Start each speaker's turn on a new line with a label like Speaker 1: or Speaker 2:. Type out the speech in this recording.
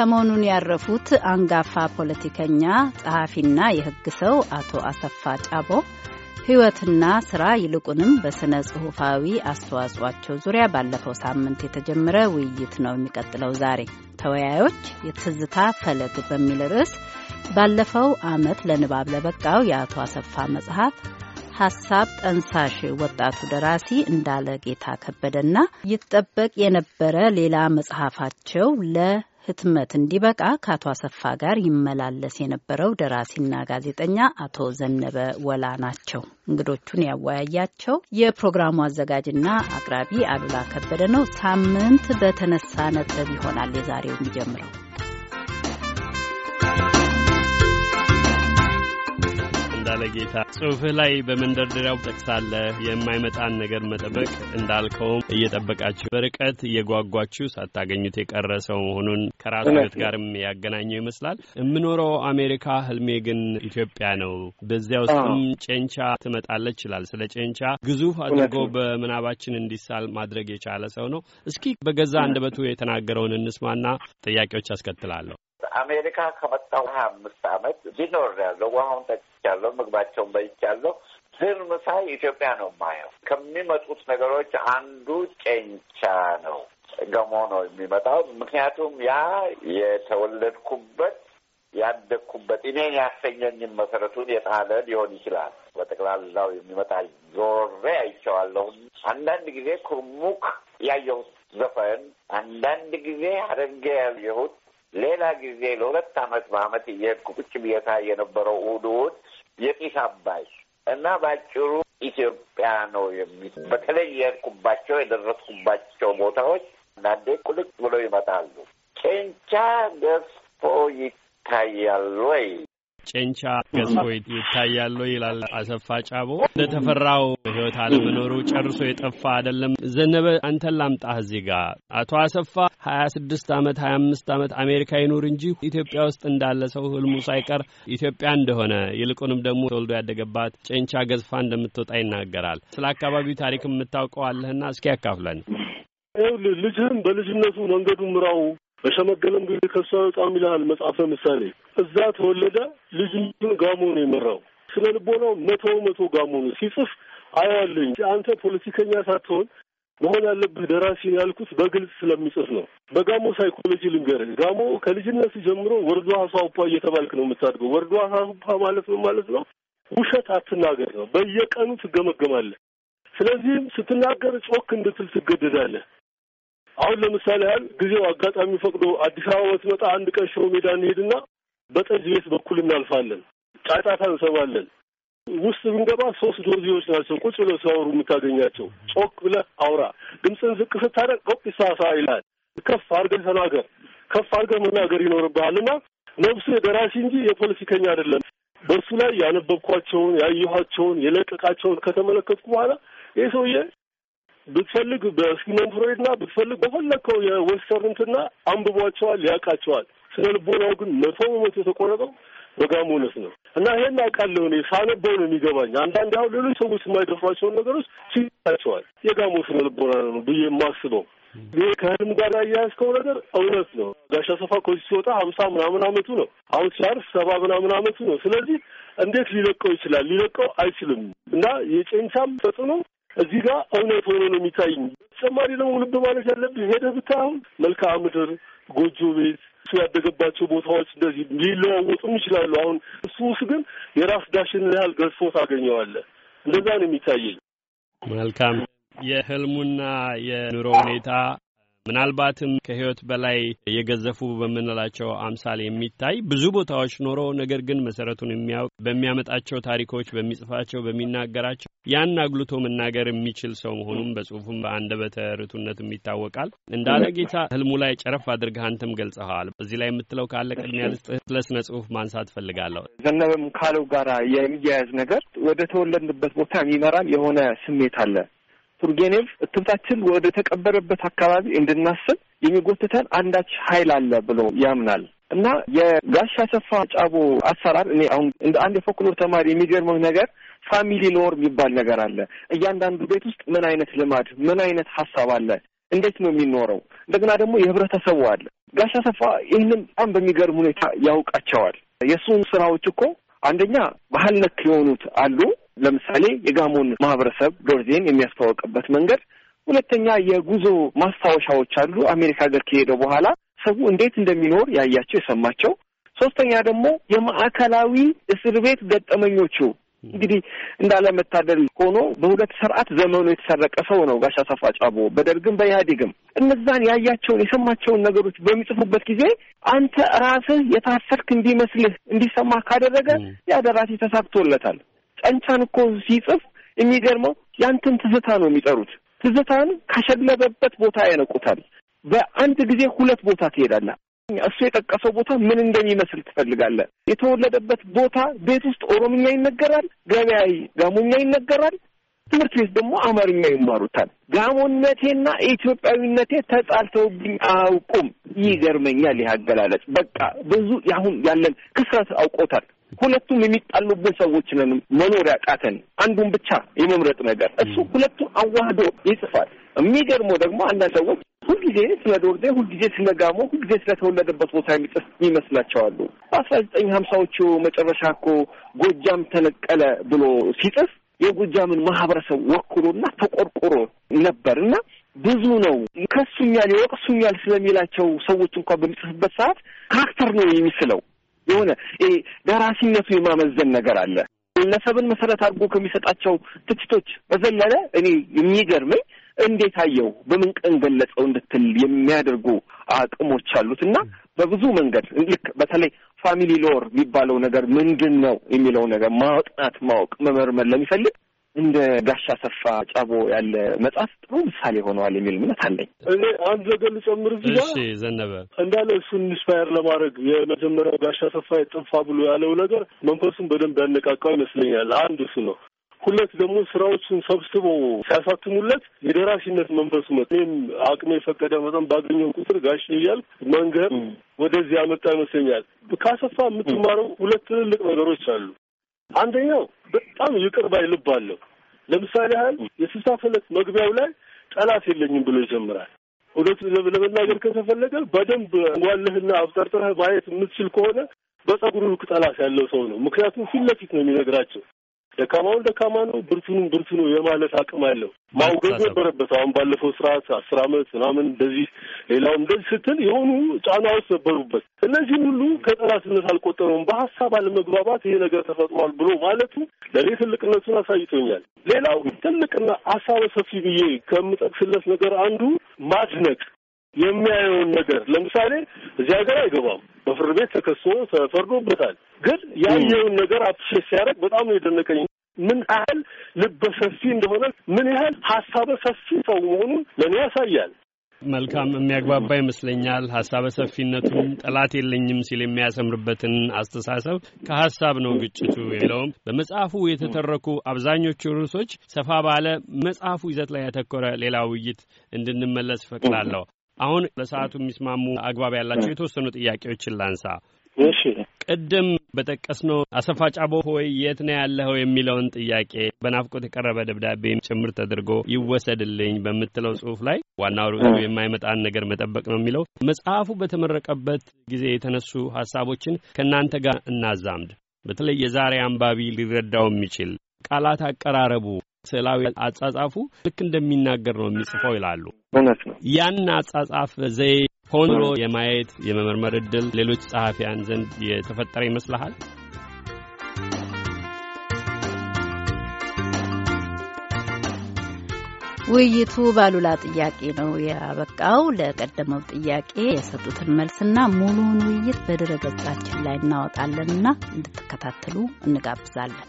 Speaker 1: ሰሞኑን ያረፉት አንጋፋ ፖለቲከኛ ጸሐፊና የሕግ ሰው አቶ አሰፋ ጫቦ ሕይወትና ስራ ይልቁንም በሥነ ጽሑፋዊ አስተዋጽኦቸው ዙሪያ ባለፈው ሳምንት የተጀመረ ውይይት ነው የሚቀጥለው ዛሬ። ተወያዮች የትዝታ ፈለግ በሚል ርዕስ ባለፈው ዓመት ለንባብ ለበቃው የአቶ አሰፋ መጽሐፍ ሀሳብ ጠንሳሽ ወጣቱ ደራሲ እንዳለ ጌታ ከበደና ይጠበቅ የነበረ ሌላ መጽሐፋቸው ለ ህትመት እንዲበቃ ከአቶ አሰፋ ጋር ይመላለስ የነበረው ደራሲና ጋዜጠኛ አቶ ዘነበ ወላ ናቸው። እንግዶቹን ያወያያቸው የፕሮግራሙ አዘጋጅና አቅራቢ አሉላ ከበደ ነው። ሳምንት በተነሳ ነጥብ ይሆናል የዛሬው የሚጀምረው።
Speaker 2: ባለጌታ ጽሑፍህ ላይ በመንደርደሪያው ጠቅሳለህ። የማይመጣን ነገር መጠበቅ እንዳልከውም እየጠበቃችሁ በርቀት እየጓጓችሁ ሳታገኙት የቀረ ሰው መሆኑን ከራሱ ሕይወት ጋርም ያገናኘው ይመስላል። የምኖረው አሜሪካ፣ ህልሜ ግን ኢትዮጵያ ነው። በዚያ ውስጥም ጨንቻ ትመጣለች ይችላል። ስለ ጨንቻ ግዙፍ አድርጎ በምናባችን እንዲሳል ማድረግ የቻለ ሰው ነው። እስኪ በገዛ አንደበቱ የተናገረውን እንስማና ጥያቄዎች አስከትላለሁ።
Speaker 3: አሜሪካ ከመጣሁ ሀያ አምስት አመት ሊኖር ያለው ውሃውን ጠጥቻለሁ፣ ምግባቸውን በይቻለሁ። ዝርም ሳይ ኢትዮጵያ ነው የማየው። ከሚመጡት ነገሮች አንዱ ጨንቻ ነው፣ ገሞ ነው የሚመጣው። ምክንያቱም ያ የተወለድኩበት ያደግኩበት እኔን ያሰኘኝን መሰረቱን የጣለ ሊሆን ይችላል። በጠቅላላው የሚመጣ ዞሬ አይቼዋለሁ። አንዳንድ ጊዜ ኩርሙክ ያየሁት ዘፈን፣ አንዳንድ ጊዜ ሐረንጌ ያየሁት ሌላ ጊዜ ለሁለት አመት በአመት እየሄድኩ ቁጭ ብየታ የነበረው ውድውድ የጢስ አባይ እና በአጭሩ ኢትዮጵያ ነው የሚ በተለይ የሄድኩባቸው የደረስኩባቸው ቦታዎች አንዳንዴ ቁልጭ ብለው ይመጣሉ። ቼንቻ ገዝፎ ይታያል ወይ
Speaker 2: ጨንቻ ገዝፎ ይታያሉ ይላል አሰፋ ጫቦ። ተፈራው ህይወት አለመኖሩ ጨርሶ የጠፋ አይደለም። ዘነበ አንተን ላምጣህ እዚህ ጋ አቶ አሰፋ ሀያ ስድስት ዓመት ሀያ አምስት ዓመት አሜሪካ ይኑር እንጂ ኢትዮጵያ ውስጥ እንዳለ ሰው ህልሙ ሳይቀር ኢትዮጵያ እንደሆነ ይልቁንም ደግሞ ተወልዶ ያደገባት ጨንቻ ገዝፋ እንደምትወጣ ይናገራል። ስለ አካባቢው ታሪክ የምታውቀው አለህና እስኪ ያካፍለን።
Speaker 4: ልጅህም በልጅነቱ መንገዱ ምራው በሸመገለም ጊዜ ከሱ አያወጣም ይልሃል መጽሐፈ ምሳሌ። እዛ ተወለደ ልጅ ጋሞ ነው የመራው። ስነ ልቦናው መቶ መቶ ጋሞ ነው። ሲጽፍ አያዋለኝ አንተ ፖለቲከኛ ሳትሆን መሆን ያለብህ ደራሲ ያልኩት በግልጽ ስለሚጽፍ ነው። በጋሞ ሳይኮሎጂ ልንገርህ። ጋሞ ከልጅነት ጀምሮ ወርዶ አሳውፓ እየተባልክ ነው የምታድገው። ወርዶ አሳውፓ ማለት ነው ማለት ነው ውሸት አትናገር ነው። በየቀኑ ትገመገማለህ። ስለዚህም ስትናገር ጮክ እንድትል ትገደዳለህ። አሁን ለምሳሌ ያህል ጊዜው አጋጣሚ ፈቅዶ አዲስ አበባ ሲመጣ አንድ ቀን ሽሮ ሜዳ እንሄድና በጠጅ ቤት በኩል እናልፋለን። ጫጫታ እንሰማለን። ውስጥ ብንገባ ሶስት ዶዜዎች ናቸው ቁጭ ብለው ሲያወሩ የምታገኛቸው። ጮክ ብለህ አውራ፣ ድምፅን ዝቅ ስታደርግ ቆቅ ይሳሳ ይላል። ከፍ አድርገህ ተናገር፣ ከፍ አድርገህ መናገር ይኖርብሃልና ነፍሱ የደራሲ እንጂ የፖለቲከኛ አይደለም። በእሱ ላይ ያነበብኳቸውን፣ ያየኋቸውን፣ የለቀቃቸውን ከተመለከትኩ በኋላ ይህ ሰውዬ ብትፈልግ በሲመን ፍሮይድና ብትፈልግ በፈለግከው የዌስተርን አንብቧቸዋል፣ ያውቃቸዋል። ስነ ልቦናው ግን መቶ በመቶ የተቆረጠው በጋሞነት ነው እና ይሄን አውቃለሁ እኔ ሳነበው ነው የሚገባኝ። አንዳንድ አሁን ሌሎች ሰዎች የማይደፍሯቸውን ነገሮች ሲያቸዋል የጋሞ ስነ ልቦና ነው ብዬ የማስበው ይህ ከህልም ጋር ያያዝከው ነገር እውነት ነው። ጋሻ ሰፋ ኮ ሲወጣ ሀምሳ ምናምን አመቱ ነው። አሁን ሲያርፍ ሰባ ምናምን አመቱ ነው። ስለዚህ እንዴት ሊለቀው ይችላል? ሊለቀው አይችልም። እና የጨንቻም ተጽዕኖ እዚህ ጋር እውነት ሆኖ ነው የሚታይኝ። በተጨማሪ ደግሞ ልብ ማለት ያለብህ ሄደህ ብታይም መልክዓ ምድር፣ ጎጆ ቤት እሱ ያደገባቸው ቦታዎች እንደዚህ ሊለዋወጡም ይችላሉ። አሁን እሱ ውስጥ ግን የራስ ዳሽን ያህል ገዝፎ ታገኘዋለህ። እንደዛ ነው የሚታየኝ።
Speaker 2: መልካም የህልሙና የኑሮ ሁኔታ ምናልባትም ከህይወት በላይ የገዘፉ በምንላቸው አምሳል የሚታይ ብዙ ቦታዎች ኖሮ ነገር ግን መሰረቱን የሚያውቅ በሚያመጣቸው ታሪኮች፣ በሚጽፋቸው፣ በሚናገራቸው ያን አጉልቶ መናገር የሚችል ሰው መሆኑም በጽሁፉም በአንደበተ ርቱዕነትም ይታወቃል። እንዳለ ጌታ ህልሙ ላይ ጨረፍ አድርገህ አንተም ገልጸኸዋል። እዚህ ላይ የምትለው ካለ ቅድሚያ ልስጥህ። ስለ ስነ ጽሁፍ ማንሳት ፈልጋለሁ።
Speaker 3: ዘነበም ካለው ጋራ የሚያያዝ ነገር ወደ ተወለድንበት ቦታ የሚመራን የሆነ ስሜት አለ። ቱርጌኔቭ እትብታችን ወደ ተቀበረበት አካባቢ እንድናስብ የሚጎትተን አንዳች ኃይል አለ ብሎ ያምናል እና የጋሻ ሰፋ ጫቦ አሰራር እኔ አሁን እንደ አንድ የፎክሎር ተማሪ የሚገርመው ነገር ፋሚሊ ሎር የሚባል ነገር አለ። እያንዳንዱ ቤት ውስጥ ምን አይነት ልማድ፣ ምን አይነት ሀሳብ አለ እንዴት ነው የሚኖረው? እንደገና ደግሞ የህብረተሰቡ አለ። ጋሻ ሰፋ ይህንን በጣም በሚገርም ሁኔታ ያውቃቸዋል። የእሱን ስራዎች እኮ አንደኛ ባህል ነክ የሆኑት አሉ፣ ለምሳሌ የጋሞን ማህበረሰብ ዶርዜን የሚያስተዋወቅበት መንገድ ሁለተኛ የጉዞ ማስታወሻዎች አሉ። አሜሪካ ሀገር ከሄደ በኋላ ሰው እንዴት እንደሚኖር ያያቸው የሰማቸው። ሶስተኛ ደግሞ የማዕከላዊ እስር ቤት ገጠመኞቹ። እንግዲህ እንዳለመታደል ሆኖ በሁለት ስርዓት ዘመኑ የተሰረቀ ሰው ነው ጋሻ ሰፋ ጫቦ በደርግም በኢህአዴግም። እነዛን ያያቸውን የሰማቸውን ነገሮች በሚጽፉበት ጊዜ አንተ ራስህ የታሰርክ እንዲመስልህ እንዲሰማህ ካደረገ ያ ደራሲ ተሳክቶለታል። ቀንቻን እኮ ሲጽፍ የሚገርመው ያንተን ትዝታ ነው የሚጠሩት። ትዝታን ከሸለበበት ቦታ ያነቁታል። በአንድ ጊዜ ሁለት ቦታ ትሄዳለህ። እሱ የጠቀሰው ቦታ ምን እንደሚመስል ትፈልጋለህ። የተወለደበት ቦታ ቤት ውስጥ ኦሮምኛ ይነገራል፣ ገበያ ጋሞኛ ይነገራል፣ ትምህርት ቤት ደግሞ አማርኛ ይማሩታል። ጋሞነቴና ኢትዮጵያዊነቴ ተጻልተውብኝ አያውቁም። ይገርመኛል ይህ አገላለጽ። በቃ ብዙ አሁን ያለን ክስረት አውቆታል። ሁለቱም የሚጣሉብን ሰዎች ነን። መኖር ያቃተን አንዱን ብቻ የመምረጥ ነገር እሱ ሁለቱም አዋህዶ ይጽፋል። የሚገርመው ደግሞ አንዳንድ ሰዎች ሁልጊዜ ስለ ዶርዜ፣ ሁልጊዜ ስለ ጋሞ፣ ሁልጊዜ ስለተወለደበት ቦታ የሚጽፍ ይመስላቸዋሉ። በአስራ ዘጠኝ ሀምሳዎቹ መጨረሻ እኮ ጎጃም ተነቀለ ብሎ ሲጽፍ የጎጃምን ማህበረሰብ ወክሎና ተቆርቆሮ ነበር እና ብዙ ነው ከሱኛል፣ ይወቅሱኛል ስለሚላቸው ሰዎች እንኳን በሚጽፍበት ሰዓት ካራክተር ነው የሚስለው የሆነ ደራሲነቱ የማመዘን ነገር አለ። ግለሰብን መሰረት አድርጎ ከሚሰጣቸው ትችቶች በዘለለ እኔ የሚገርመኝ እንዴት አየው በምን ቀን ገለጸው እንድትል የሚያደርጉ አቅሞች አሉት እና በብዙ መንገድ ልክ በተለይ ፋሚሊ ሎር የሚባለው ነገር ምንድን ነው የሚለው ነገር ማጥናት፣ ማወቅ፣ መመርመር ለሚፈልግ እንደ ጋሻ ሰፋ ጫቦ ያለ መጽሐፍ ጥሩ ምሳሌ ሆነዋል የሚል እምነት አለኝ።
Speaker 4: እኔ አንድ ነገር ልጨምር እዚህ ዘነበ እንዳለ እሱን ኢንስፓየር ለማድረግ የመጀመሪያው ጋሻ ሰፋ የጥንፋ ብሎ ያለው ነገር መንፈሱን በደንብ ያነቃቃው ይመስለኛል። አንድ እሱ ነው። ሁለት ደግሞ ስራዎችን ሰብስበው ሲያሳትሙለት የደራሽነት መንፈሱ መ እኔም አቅሜ የፈቀደ መጠን ባገኘው ቁጥር ጋሽ እያል መንገር ወደዚህ ያመጣ ይመስለኛል። ካሰፋ የምትማረው ሁለት ትልልቅ ነገሮች አሉ። አንደኛው በጣም ይቅር ባይ ልብ አለው። ለምሳሌ ያህል የስልሳ ፈለግ መግቢያው ላይ ጠላት የለኝም ብሎ ይጀምራል። እውነት ለመናገር ከተፈለገ በደንብ እንጓልህና አብጠርጥረህ ማየት የምትችል ከሆነ በጸጉሩ ልክ ጠላት ያለው ሰው ነው። ምክንያቱም ፊት ለፊት ነው የሚነግራቸው። ደካማውን ደካማ ነው፣ ብርቱንም ብርቱ ነው የማለት አቅም አለው። ማውገዝ ነበረበት። አሁን ባለፈው ስርዓት አስር አመት ምናምን እንደዚህ ሌላውም እንደዚህ ስትል የሆኑ ጫናዎች ነበሩበት። እነዚህም ሁሉ ከጠላትነት አልቆጠረውም። በሀሳብ አለመግባባት ይሄ ነገር ተፈጥሯል ብሎ ማለቱ ለእኔ ትልቅነቱን አሳይቶኛል። ሌላው ትልቅና ሀሳበ ሰፊ ብዬ ከምጠቅስለት ነገር አንዱ ማድነቅ የሚያየውን ነገር ለምሳሌ እዚህ ሀገር አይገባም። በፍርድ ቤት ተከሶ ተፈርዶበታል። ግን ያየውን ነገር አፕሼት ሲያደርግ በጣም ነው የደነቀኝ። ምን ያህል ልበ ሰፊ እንደሆነ ምን ያህል ሀሳበ ሰፊ ሰው መሆኑን ለእኔ ያሳያል።
Speaker 2: መልካም የሚያግባባ ይመስለኛል። ሀሳበ ሰፊነቱን ጠላት የለኝም ሲል የሚያሰምርበትን አስተሳሰብ ከሀሳብ ነው ግጭቱ የለውም። በመጽሐፉ የተተረኩ አብዛኞቹ ርዕሶች ሰፋ ባለ መጽሐፉ ይዘት ላይ ያተኮረ ሌላ ውይይት እንድንመለስ እፈቅዳለሁ። አሁን ለሰዓቱ የሚስማሙ አግባብ ያላቸው የተወሰኑ ጥያቄዎችን ላንሳ። እሺ ቅድም በጠቀስነው አሰፋ ጫቦ ሆይ የት ነው ያለኸው የሚለውን ጥያቄ በናፍቆት የቀረበ ደብዳቤ ጭምር ተደርጎ ይወሰድልኝ በምትለው ጽሁፍ ላይ ዋናው ርዕሱ የማይመጣን ነገር መጠበቅ ነው የሚለው መጽሐፉ በተመረቀበት ጊዜ የተነሱ ሀሳቦችን ከእናንተ ጋር እናዛምድ። በተለይ የዛሬ አንባቢ ሊረዳው የሚችል ቃላት አቀራረቡ ስዕላዊ አጻጻፉ ልክ እንደሚናገር ነው የሚጽፈው ይላሉ። እውነት ነው። ያን አጻጻፍ ዘዬ ሆን ብሎ የማየት የመመርመር እድል ሌሎች ጸሐፊያን ዘንድ የተፈጠረ ይመስልሃል?
Speaker 1: ውይይቱ ባሉላ ጥያቄ ነው ያበቃው። ለቀደመው ጥያቄ የሰጡትን መልስና ሙሉውን ውይይት በድረ ገጻችን ላይ እናወጣለንና እንድትከታተሉ እንጋብዛለን።